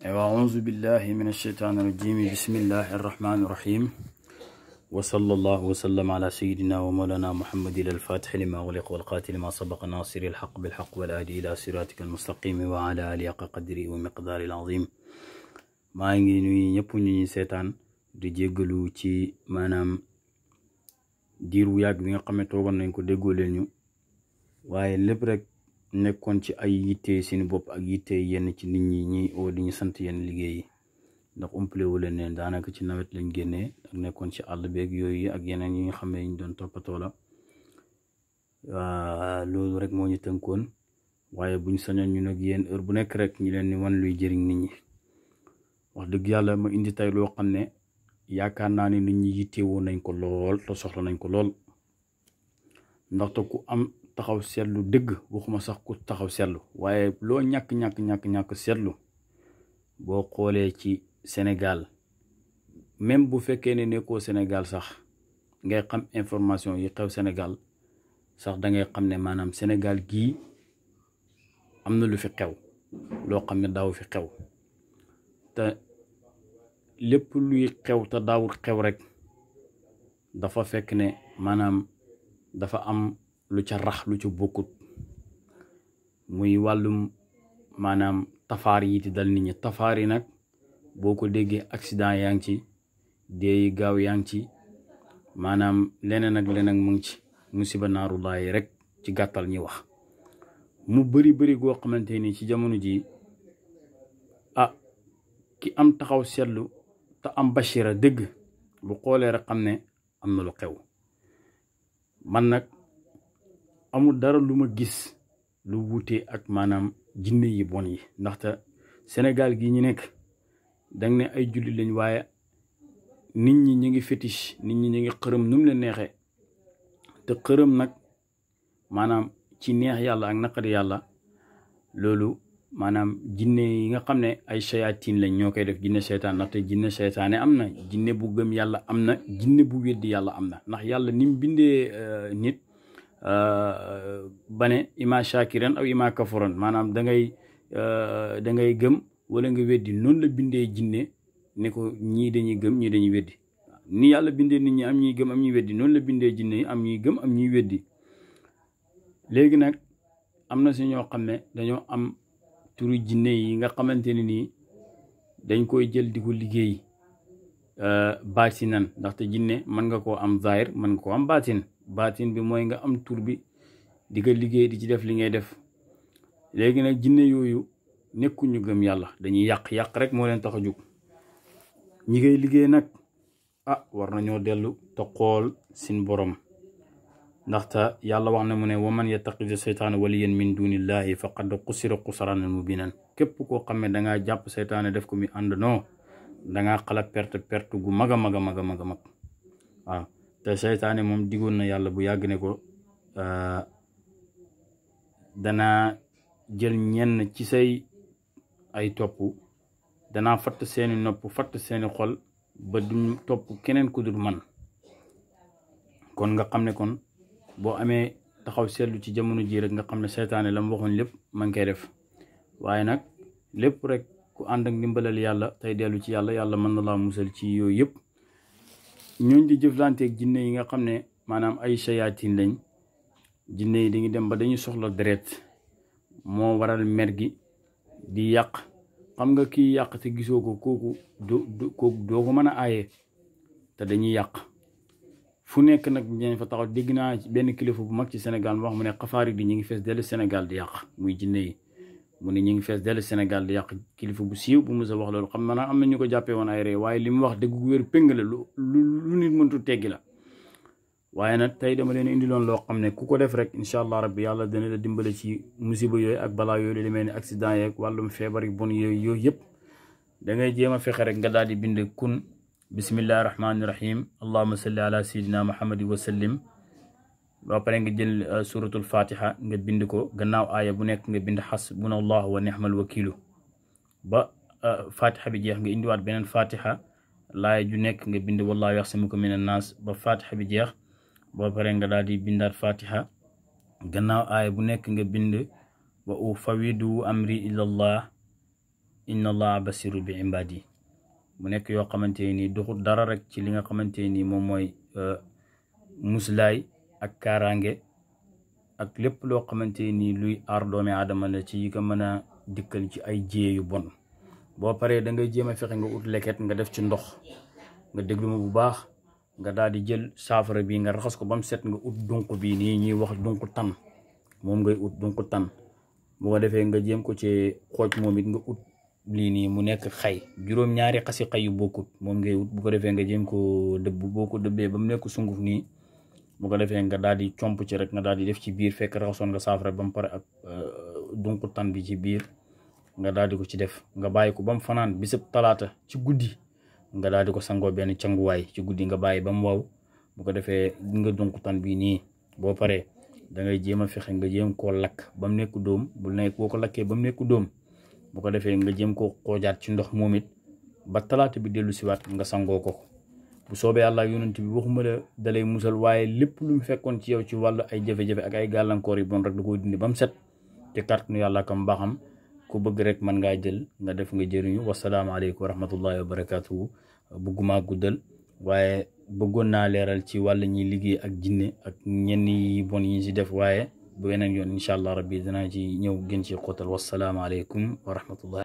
أعوذ بالله من الشيطان الرجيم بسم الله الرحمن الرحيم وصلى الله وسلم على سيدنا ومولانا محمد الفاتح لما أغلق والقاتل ما سبق ناصر الحق بالحق والآدي إلى صراطك المستقيم وعلى آله قدري ومقدار العظيم ما ngi nuyu ñëpp ñu ñu seetaan di jéggalu ci maanaam diir wu yàgg bi nga xam ne toogoon nekkon ci ay yité seen bop ak yité yenn ci nit ñi ñi o di ñu sant yenn liggéey ndax umplé wu leen da naka ci nawet lañu génné ak nekkoon ci àll beeg yooyu ak yenen yi nga xamé ñu doon topato la loolu rek mo ñu tënkoon waye buñu sañoon ñu nag yeen heure bu nek rek ñu leen ni wan luy jëriñ nit ñi wax dëgg yalla ma indi tay lo xamné ne yaakaar naa ne nit ñi yittewoo nañ ko lool te soxla nañ ko lool ndaxte ku am taxaw lu dëgg waxuma sax ku taxaw seetlu waaye loo ñàkk-ñàkk-ñàkk-ñàkk seetlu boo xoolee ci Sénégal même bu fekkee ne nekkoo Sénégal sax ngay xam information yi xew Sénégal sax dangay xam ne maanaam Sénégal gii am na lu fi xew loo xam ne daaw fi xew te lépp luy xew te daawul xew rek dafa fekk ne maanaam dafa am lu ca rax lu ca bokut muy walum manam tafar yi di dal nit ñi tafar yi nak boko ko accident yang ngi ci déeyi gaaw yaa ngi ci manam leneen ak leneen mu ngi ci musiba naarullaahi rek ci gàttal ñi wax mu bëri bëri go xamanteni ci jamono ji ah ki am taxaw seetlu ta am bashira deug bu xoolee rek amna am lu xew man nak amul dara lu ma gis lu wuute ak maanaam jinne yi bon yi ndaxte Sénégal gi ñu nekk dang ne ay jullit lañ waaye nit ñi ñu ngi fétiche nit ñi ñu ngi xërëm nu mu leen te xërëm nag maanaam ci neex yàlla ak naqari yàlla loolu maanaam jinne yi nga xam ne ay shayatin lañ ñoo koy def jinne seytaan ndaxte jinne seytaane am na jinne bu gëm yàlla am na jinne bu weddi yàlla am na ndax yàlla ni bindee euh, nit Euh, ba ne ima shakiran aw ima kafuran maanaam da ngay euh, da ngay gëm wala nga weddi noonu la bindee jinne ne ko ñii dañuy gëm ñii dañuy weddi ni yàlla bindee nit ñi am ñuy gëm am ñuy weddi noonu la bindee jinne yi am ñuy gëm am ñuy weddi léegi nag am na si ñoo xam ne dañoo am turu jinne yi nga xamante ne nii dañ koy jël di ko liggéey Euh, baatinan ndaxte jinne mën nga koo am zaahir mën nga koo am baatin baatin bi mooy nga am tur bi di ko liggéey di ci def li ngay def léegi nag jinne yooyu ñu gëm yàlla dañuy yàq yàq rek moo leen tax a jóg ñi ngay liggéey nag a ah, war nañoo dellu te xool sin borom ndaxte yàlla wax na mu ne waman yattaqidi seytaana waliyan min dunillahi faqad xusira xusranan mubinan képp koo xam ne dangaa jàpp seytaane def ko mi ànd noo dangaa xalaat perte perte gu mag a mag mag a mag a mag waaw te seytaane moom digoon na yàlla bu yàgg ne ko euh, danaa jël ñenn ci say ay topp danaa fatt seeni nopp fatt seeni xol ba duñ topp keneen ku dul man kon nga xam ne kon boo amee taxaw seetlu ci jamono ji rek nga xam ne seytaane lam mu waxoon lépp man koy def waaye nag lépp rek ku ànd ak ndimbalal yàlla tey dellu ci yàlla yàlla mën na laa musal ci yooyu yëpp ñooñ di jëflanteeg jinne yi nga xam ne maanaam ay sayaatin lañ jinne yi dañuy dem ba dañuy soxla deret moo waral mer gi di yàq xam nga kiy yàq te gisoo ko kooku doo ko mën a aaye te dañuy yàq fu nekk nag ñeen fa taxaw dégg naa benn kilifa bu mag ci Sénégal mu wax mu ne xafaari di ñu ngi fees dellu senegal di yàq muy jinne yi mu ne ñu ngi fees dellu Sénégal di yàq kilifa bu siiw bu mos wax loolu xam na am na ñu ko jàppee woon ay ree waaye li mu wax dëgg gu wér péng la lu lu nit mëntu teggi la waaye nag tey dama leen indi loon loo xam ne ku ko def rek incha allah rabbi yàlla dana la dimbale ci musiba yooyu ak balaa yooyu li demee ni accident yeeg wàllum feebar yi bon yooyu yooyu yëpp da ngay jéem a fexe rek nga daal di bind kun bismillahi rahmaani rahim allahuma salli ala sayidina muhammadi wa sallim ba pare nga jël euh, suratul fatiha nga bind ko gannaaw aaya bu nekk nga bind xasbuna allah wa nixmal wakilu ba euh, fatiha bi jeex nga indiwaat beneen fatiha laaya ju nekk nga bind wallahu yaxsimuka min annaas ba fatiha bi jeex boo pare nga daal di bindaat fatiha gannaaw aaya bu nekk nga bind wa ufawidu amri ilallah inna allah basiru bi imbadi mu nekk yoo xamante nii duxut dara rek ci li nga xamante nii moom mooy euh, muslaay ak karange ak lepp lo xamanteni luy ar doomi adama la ci yi meuna dikkel ci ay jiyee yu bon bo pare da ngay jema fexe nga ut leket nga def ci ndox nga deglu mu bu baax nga daldi jël safara bi nga raxas ko bam set nga ut dunq bi ni ñi wax dunq tan mom ngay ut dunq tan bu ko defé nga jëm ko ci xoj momit nga ut li ni mu nek xay juroom ñaari xasi xay yu bokut mom ngay ut bu ko defé nga jëm ko debbu debbe bam nek sunguf ni bu ko defé nga daldi di ci rek nga daldi def ci biir fekk raxasoon nga saafara bam mu ak euh, dunku tan bi ci biir nga daldi ko ci def nga bayiko ko fanan fanan talata ci guddi nga daldi ko ko ben ciangu way ci guddi nga bayi bam waw bu ko defé nga tan bi ni bo paré da ngay jema fexé nga jéem ko lak bam nekk dom bu nekk boko ko bam nekk dom bu ko defé nga jéem ko xoojaat ci ndox momit ba talata bi ci wat nga ko ko bu soobee yàlla ak yonent bi waxuma la da musal waaye lépp lu mu fekkoon ci yow ci wàllu ay jafe-jafe ak ay gàllankoor yi bon rek da koy dindi ba mu set ci kàttanu yàlla kam baaxam ku bëgg rek man ngaa jël nga def nga jëriñu wasalaamaaleykum wa rahmatullahi wa barakaatu bëgguma guddal waaye bëggoon naa leeral ci wàll ñi liggéey ak jinne ak ñenn yi bon yi si def waaye bu beneen yoon incha allah rabbi danaa ci ñëw gën ci xóotal wasalaamaaleykum wa rahmatullah